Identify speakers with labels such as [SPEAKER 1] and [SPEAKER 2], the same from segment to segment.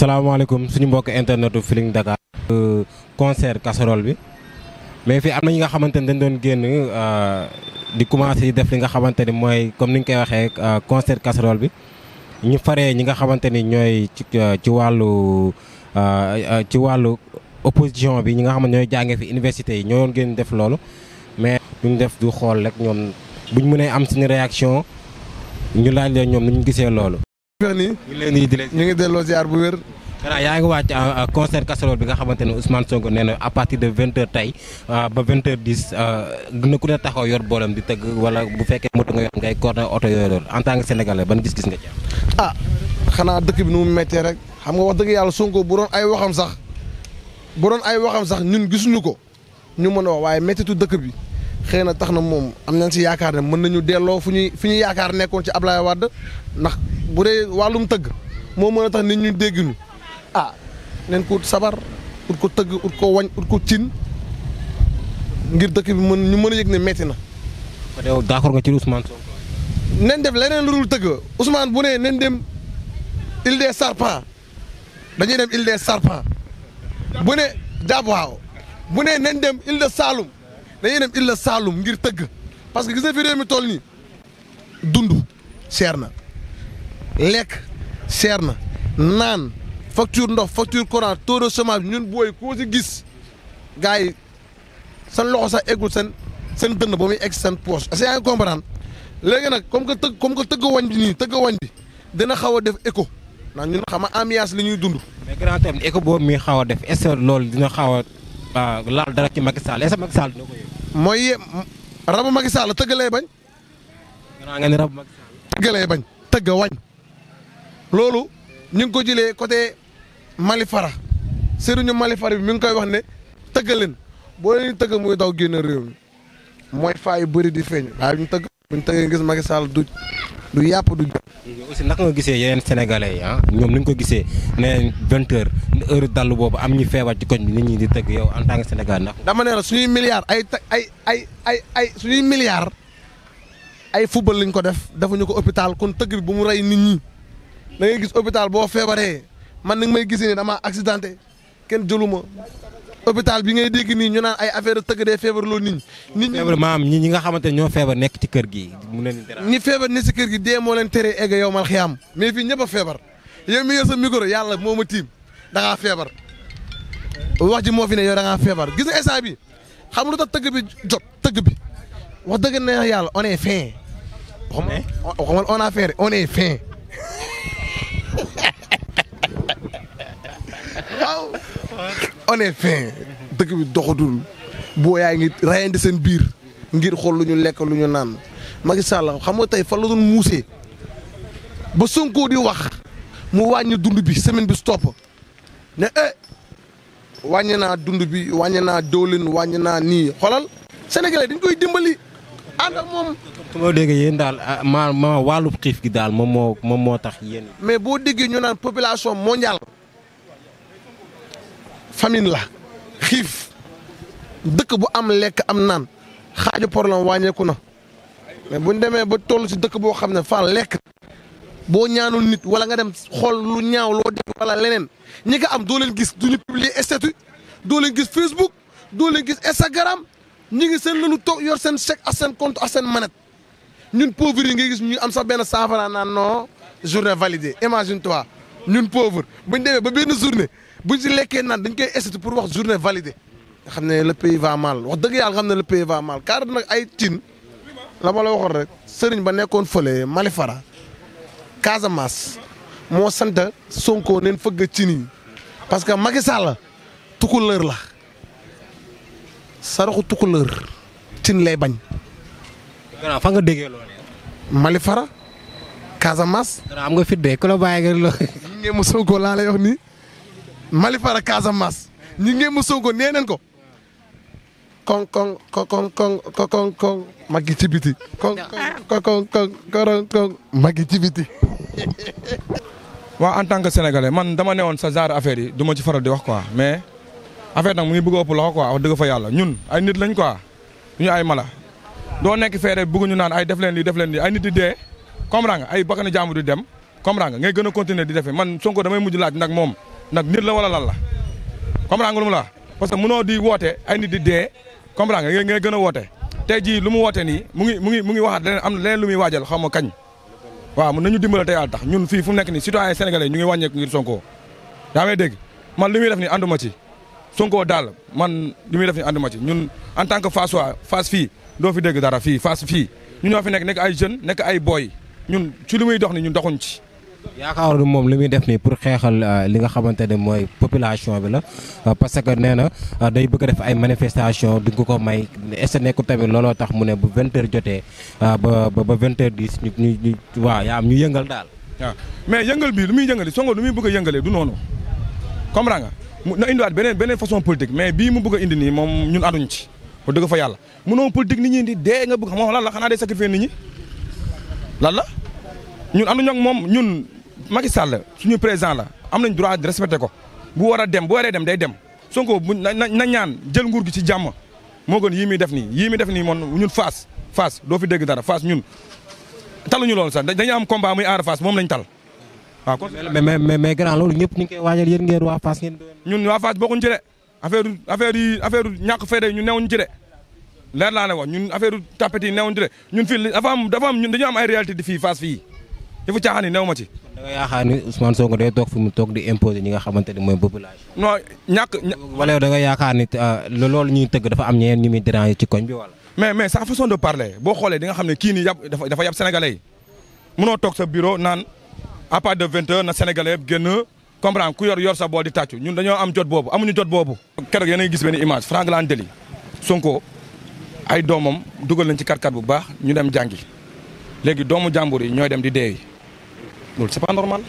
[SPEAKER 1] salaamaaleykum suñu mbokk internetu Feeling Dakar. Euh, concert casserole bi mais fii am na ñi nga xamante ni dañ doon génn euh, di commencé def li nga xamante ni mooy comme ni ñu koy waxee euh, concert bi ñu faree ñi nga xamante ni ñooy ci wàllu ci wàllu opposition bi ñi nga xam ne ñooy jàngee fi université yi ñoo doon génn def loolu mais ñu def du xool rek ñoom buñ mënee am suñu réaction ñu laaj leen ñoom ni ñu gisee loolu. ñu
[SPEAKER 2] ngi delloo ziar bu wér.
[SPEAKER 1] xanaa yaa ngi wàcc euh, euh, concert casserole bi nga xamante ne Ousmane Sonko nee na à partir de vingt heures tey euh, ba vingt heures dix na ku ne taxaw yor boolam di tëgg wala bu fekkee moto nga yor ngay corne oto yooyu loolu en tant que sénégalais ban gis-gis nga ci
[SPEAKER 2] ah xanaa dëkk bi nu mu méttee rek xam nga wax dëgg yàlla Sonko bu doon ay waxam sax bu doon ay waxam sax ñun gisuñu ko ñu mën a wax waaye méttitu dëkk bi. xëy na tax na moom am nañ si yaakaar ne mën nañu delloo fu ñuy fu yaakaar nekkoon ci Ablaye Wade ndax bu dee wàllum tëgg moo mën a tax nit ñu dégg ñu ah neen ko sabar ut ko tëgg ut ko wañ ut ko cin ngir dëkk bi mën ñu mën a yëg ne metti na. yow d'accord nga ci Ousmane nen def leneen lu dul tëgg Ousmane bu ne nen dem Île des Serpents dañuy dem Île des bu ne jàpp waaw bu ne nen dem Île de dañuy dem Île Saloum ngir tëgg parce que gis na fi réew mi toll nii dund seer na lekk seer na naan facture ndox facture courant taux de chômage ñun booy koo si gis gars yi seen loxo sax eggul seen seen dënn boo muy egg seen poche est-ce que yaa léegi nag comme que tëgg comme que tëgg wañ bi nii tëgg wañ bi dina xaw a def écho ndax ñun xam nga ambiance li ñuy dund. mais
[SPEAKER 1] grand boobu muy xaw a def est-ce dina xaw a
[SPEAKER 2] ah, laal dara ci Macky Sall est-ce que Macky Sall mooy yem rabu Macky Sall tëgg lay bañ. nga ne rabu Macky Sall. bañ tëgg wañ. loolu ñu ngi ko jëlee côté Malifara sëriñu Malifara bi mi ngi koy wax ne tëgg leen boo leen tëgg muy daw génn réew mi mooy faa yu bëri di feeñ waaye ñu tëgg bu ñu tëggee ngis Macky Sall du du yàpp du. aussi naka nga gisee
[SPEAKER 1] yeneen sénégalais yi ah? ñoom ni ñu ko gisee nee vingt heures heure boobu am ñu feebar ci koñ bi nit ñi di tëgg yow en tant que sénégalais nag.
[SPEAKER 2] dama ne la suñuy milliards ay ay ay ay ay suñuy milliards ay football lañ ko def defuñu ko hôpital kon tëgg bi bu mu rey nit ñi da gis hôpital boo feebaree man ni nga may gisee ne damaa accidenté kenn jëluma hôpital bi ngay dégg nii ñu naan ay affaire tëgg dee feebar loo nit ñi. feebar maam ñi ñi nga xamante ne
[SPEAKER 1] ñoo feebar nekk ci kër gi. mu ne
[SPEAKER 2] ñi feebar ne si kër gi dee moo leen teree egg yow mal xiyaam mais ñëpp a feebar yow mi yor sa micro yàlla moo ma tiim da ngaa feebar wax ji moo fi ne yow da feebar gisa nga xam lu ta tëgg bi jot tëgg bi wax dëgg neex yàlla on est fin. waxuma on a fin on est on est fin dëkk bi doxatul boo yaa ngi rayante seen biir ngir xool lu ñu lekk lu ñu naan Macky Sall xam nga tey fan la doon muusee ba Sonko di wax mu wàññi dund bi semaine bi stop ne eh wàññi naa dund bi wàññi naa diwlin wàññi naa nii xolal sénégalais dañ koy dimbali ànd ak moom.
[SPEAKER 1] su ma déggee yéen daal ah, ma ma wàllu xiif gi daal moom moo moom moo tax yéen.
[SPEAKER 2] mais boo déggee ñu naan population mondiale. famine la xiif dëkk bu am lekk am naan xaaju problème wàññeeku na mais bu ñu demee ba toll si dëkk boo xam ne faa lekk boo ñaanul nit wala nga dem xool lu ñaaw loo def wala leneen ñi nga am doo gis du ñu publier statut doo gis Facebook doo leen gis Instagram ñi ngi seen lanu toog yor seen cheque ak seen compte ak seen manette ñun pauvres yi nga gis ñu am sax benn saafara naan non journée validée imagine toi ñun pauvre buñ ñu demee ba benn journée. buñ si lekkee naan dañ koy essayé pour wax journée validée nga xam ne le pays va mal wax dëgg yàlla xam ne le pays va mal car nag ay cin la ma la rek sëriñ ba nekkoon fële Malifara Casamance moo sant Sonko neen fëgg cin parce que Macky Sall tukulër la saraxu tukulër cin lay bañ. gannaaw fa nga déggee loolu. Malifara Casamance. am nga fit de ku la bàyyi nga loolu. ñu ngi Sonko laa lay wax Malifara Casamance ñi ngeen ma Sonko nee neen ko kon kon kon kon kon magi ci biti kon kon kon kon kon magi ci biti waaw en
[SPEAKER 3] tant que dama newoon sa genre affaire yi du ci fara di wax quoi mais affaire nag mu ngi bëgg a ëpp ko quoi wax dëgg fa yàlla ñun ay nit lañ quoi duñu ay mala doo nekk feere ñu naan ay def leen lii def leen ay nit di dee comprends nga ay bakkanu jàmbur di dem comprends nga ngay gën a continuer di defee man Sonko damay mujj laaj nag moom nag nit la wala lan la comprendre nga mu la parce que mënoo di woote ay nit di dee comprendre nga ngay gën a woote te jii lu mu woote nii mu ngi mu ngi mu ngi waxaat leneen am na lu muy waajal xaw ma kañ waaw mën nañu dimbale te yàlla tax ñun fii fu nekk nii citoyen sénégalais ñu ngi wàññeeku ngir Sonko yaa may dégg man li muy def ni ànduma ci Sonko daal man li muy def ni ma ci ñun en tant que Fass waa fii doo fi dégg dara fii Fass fii ñu ñoo fi nekk nekk ay jeune nekk ay boy ñun ci li muy dox ni ñun doxuñ ci
[SPEAKER 1] yaakaar ni moom li muy def nii pour xeexal euh, li nga xamante ne mooy population bi la euh, parce que nee na euh, day bëgg a def ay manifestation du ko ko may est ce nekkul tamit looloo tax mu ne bu vingt jotee ba
[SPEAKER 3] ba vingt heures dix ñu ñu ñu waaw yaa mais yëngal bii lu muy yëngali Sonko lu muy bëgg a yëngalee du noonu comprends nga mu na indiwaat beneen beneen façon politique mais a indi nii moom ñun ànduñ ci. bu dëgg fa yàlla mënoo politique nit ñi di dee nga bëgg xam nga lan la xanaa day sacrifier nit ñi lan ñun ànduñu ak moom ñun. Macky Sall suñu président la am nañ droit de respecter ko bu war a dem bu waree dem day dem Sonko bu na na ñaan jël nguur gi ci jàmm moo gën yii muy def ni yii muy def nii moon ñun Fass Fass doo fi dégg dara Fass ñun taluñu loolu sax dañu am combat muy aar Fass moom lañ tal waaw kon
[SPEAKER 1] mais grand loolu ñëpp ñu ngi koy waajal yéen ngeen waa Fass ngeen
[SPEAKER 3] ñun waa Fass bokkuñ ci de affaire affaire yi affaire ñàkk ñu newuñ ci leer laa la wax ñun affaire tapet yi newuñ ñun fii dafa am dafa am ñun dañu am ay réalité d fii Fass fii yëfu caaxaan ma ci nga yaakaar ni
[SPEAKER 1] Ousmane Sonko day toog nga xamante ne mooy population.
[SPEAKER 3] nga yaakaar ni euh,
[SPEAKER 1] loolu ñu muy déranger ci koñ bi
[SPEAKER 3] wala. mais mais sa façon de parler boo xoolee di nga xam ne kii nii dafa dafa yab munoo toog sa bureau naan à part de vingt na sénégalais yëpp génn comprendre ku yor yor sa bool di tàccu ñun dañoo am jot boobu amuñu jot boobu. keroog yéen a ngi gis benn image Franck Landeli Sonko ay doomam dugal nañ ci karkat bu baax ñu dem jàngi léegi doomu jàmbur yi ñooy dem di deewi loolu c'est pas normal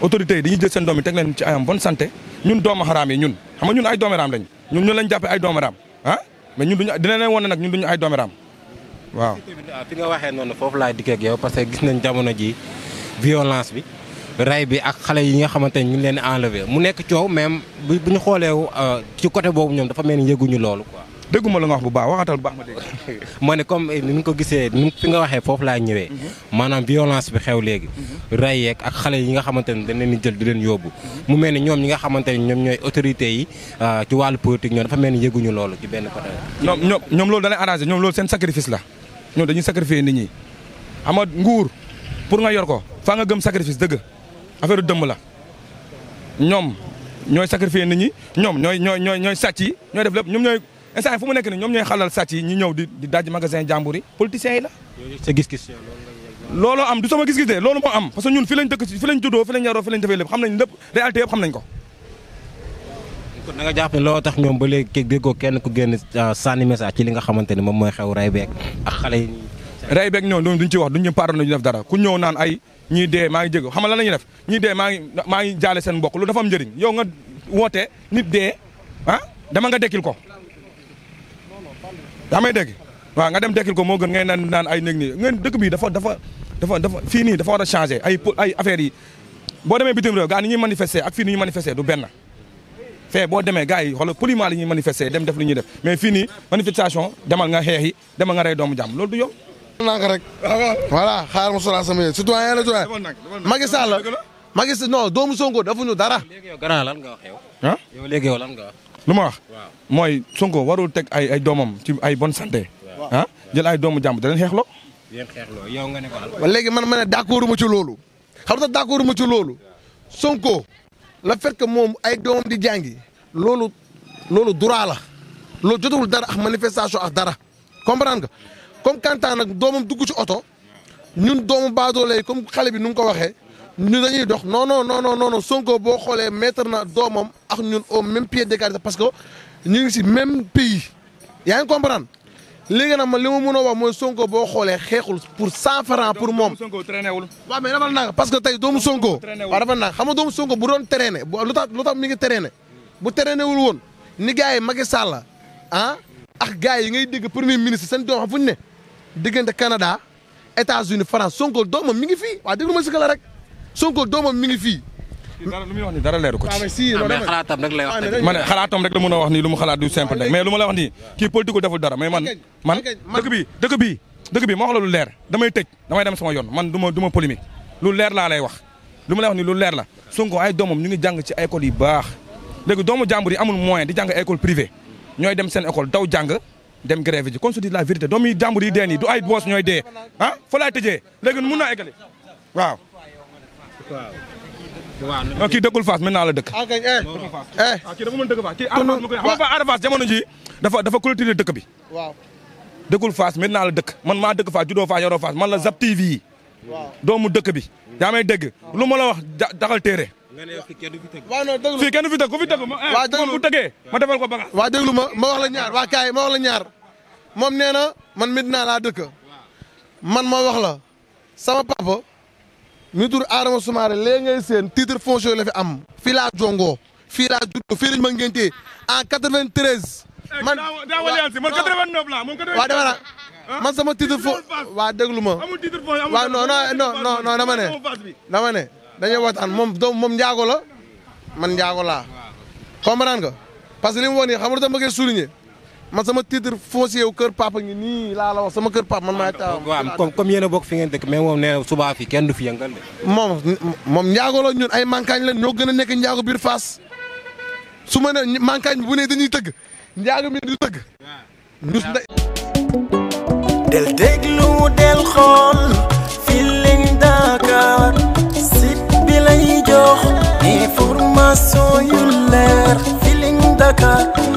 [SPEAKER 3] autorités yi dañuy jël seen doom yi teg leen ci ayam bonne santé ñun doomu yi ñun xam nga ñun ay doomu raam lañ ñun ñun lañ jàppee ay doomu raam ah mais ñun duñu dina leen wan nag ñun duñu ay doomu waaw.
[SPEAKER 1] fi nga waxee noonu foofu laay dikkee ak yow parce que gis nañ jamono ji violence bi ray bi ak xale yi nga xamante ni ñu leen enlever mu nekk coow même bu ñu xoolee euh, ci côté boobu ñoom dafa mel ni yëguñu loolu quoi. dégguma la nga wax bu baax waxatal bu baax ma dégg. moo ne comme eh, ni nga ko gisee ni nga waxee foofu laa ñëwee. Mhm. maanaam violence bi xew léegi. Mhm. rey yeeg ak xale yi nga xamante ne dañ leen di jël di leen yóbbu. Mhm. mu mel ni ñoom ñi nga xamante ne ñoom ñooy autorités yi ah, ci wàllu politique ñoom
[SPEAKER 3] ni yëguñu loolu ci benn côté. ñoom ñoom ñoom loolu da lay seen sacrifice la ñoom dañuy sacrifier nit ñi am nga nguur pour nga yor ko faa nga gëm sacrifice dëgg affaire dëmm la ñoom ñooy sacrifier nit ñi ñoom ñooy ñooy ñooy sàcc yi def lépp instant yi fu mu nekk nii ñoom ñooy xalal sàcc yi ñu ñëw di di daj magasin jàmbur yi politiciens yi la. sa gis-gis looloo am du sama gis-gis de loolu moo am parce ñun fi lañ dëkk fi lañ juddoo fi lañ yaroo fi lañ defee lépp xam nañ ko.
[SPEAKER 1] kon da nga jàpp ne tax ñoom ba léegi déggoo kenn ku génn euh, sànni message ci li nga xamante ne moom mooy xew ray beeg
[SPEAKER 3] ak xale yi. ray beeg ñoom duñ ci wax du ñu pardon duñ def dara ku ñëw naan ay ñii dee maa ngi jégg xam nga lan la ñuy def ñii dee maa ngi maa ngi jaale seen mbokk lu dafa am njëriñ yow nga woote nit dee ah dama nga dekkil ko yaa may dégg waaw nga dem dekkil ko moo gën ngay naan naan ay néeg nii ngeen dëkk bi dafa dafa dafa dafa fii nii dafa a changer ay ay yi boo demee bitim réew gaa ni ñuy manifester ak fii ni ñuy manifester du benn fee boo demee gars yi xoolal poliment li ñuy manifester dem def li ñuy def mais fii nii manifestation demal nga xeex yi demal nga rey doomu jàmm loolu du yow
[SPEAKER 2] naa ko rek voilà xaar mu sola sama yéen citoyen la citoyen Macky Sall Macky Sall non doomu Sonko dafa ñu dara léegi yow lan nga wax yow yow léegi yow lan nga lu ma wax.
[SPEAKER 3] mooy Sonko warul teg ay doomam ci ay bonne santé. ah jël ay doomu jàmm da leen xeexloo.
[SPEAKER 1] yéen xeexloo yow nga ne ko. léegi
[SPEAKER 2] man ma ne d' accord ma ci loolu xam nga d' accord ma ci loolu Sonko la fait moom ay doomam di jàngi loolu loolu droit la loolu jotawul dara ak manifestation ak dara comprendre nga comme kantaan nag doomam dugg ci oto ñun doomu baadoole comme xale bi nu mu ko waxee. ñu dañuy dox non non non non non Sonko boo xoolee mettre na doomam ak ñun au même pied d'égalité parce que ñu ngi si même pays yaa ngi comprendre léegi nag man li ma mën a wax mooy Sonko boo xoolee xeexul pour cent francs pour moom.
[SPEAKER 3] Sonko traîné wul.
[SPEAKER 2] waaw mais dafa nag parce que tey doomu Sonko. waaw dafa nag xam nga doomu Sonko bu doon traîné bu lu tax lu tax mi ngi traîné bu traîné wul woon ni gars yi Macky Sall ah ak gars yi ngay dégg premier ministre seen doom xam fu ñu ne diggante Canada États-Unis France Sonko doomam mi ngi fii waa déglu ma si la rek. Sonko doomam mi ngi fii.
[SPEAKER 3] dara lu muy wax nii dara leeru ko ci. Ah, mais ah, xalaatam rek lay wax ah, tamit. ma ne xalaatam rek la mën a wax nii lu mu xalaat du simple mais lu ma lay wax nii kii politique deful dara mais man. man dëkk bi dëkk bi dëkk bi ma wax la lu leer damay tëj damay dem sama yoon man du ma du ma polémique lu leer laa lay wax lu ma lay wax nii lu leer la Sonko ay doomam ñu ngi jàng ci école yu baax léegi doomu jàmbur yi amul moyen di jàng école privée ñooy dem seen école daw jàng dem grève ji qu'on se dise la jàmbur yi dee nii du ay boos dee ah fa laay tëjee léegi mun naa eggale waaw waaw kii dëkkul Fass maintenant la dëkk. ah kay eh. eh. ah kii dafa mën dëkk Fass kii Arafas mu koy xam nga Aada Fass jamono dafa dafa dëkk bi. waaw dëkkul Fass maintenant la dëkk man maa dëkk faa juddoo Fass yoroo Fass man la Zap TV doo mu dëkk bi. yaa may dégg lu ma la wax daxal téere.
[SPEAKER 1] waaw non
[SPEAKER 2] déglu fii kenn fi tëgg ku fi tëgg. Eh, waaw déglu moom bu tëggee ma defal ko ba waa waaw ma ma wax la ñaar waa kaay ma la ñaar moom nee na man maintenant laa dëkk man ma wax la sama papa mi tur Adama Soumaré léegi ngay seen titre foncier la fi am fii laa jongoo fii laa juddoo fii lañ ma ngéntee en 93. Eh, man daa waliyansi man 89 laa moom 89 waaw dama la ah. man sama titre fo waaw déglu ma
[SPEAKER 3] waaw non non non non dama ne
[SPEAKER 2] dama ne dañuy waxtaan moom doom moom njaago la man njaago laa comprendre nga parce que li mu wax nii xam nga lu tax ma koy souligner man sama titre foncier wu kër papa ngi nii laa la wax sama kër papa man maay taawam. waaw comme comme yéen a bokk fi ngeen dëkk mais moom nee na subaa kenn du fi yëngal de. moom moom la ñun ay mankaañ lañ ñoo gën a nekk njaago biir Fass su ma nee mankaañ bu ne dañuy tëgg njaago mi du tëgg. ñus nda del déglu del xool Feeling Dakar site bi jox
[SPEAKER 3] information yu leer Feeling Dakar.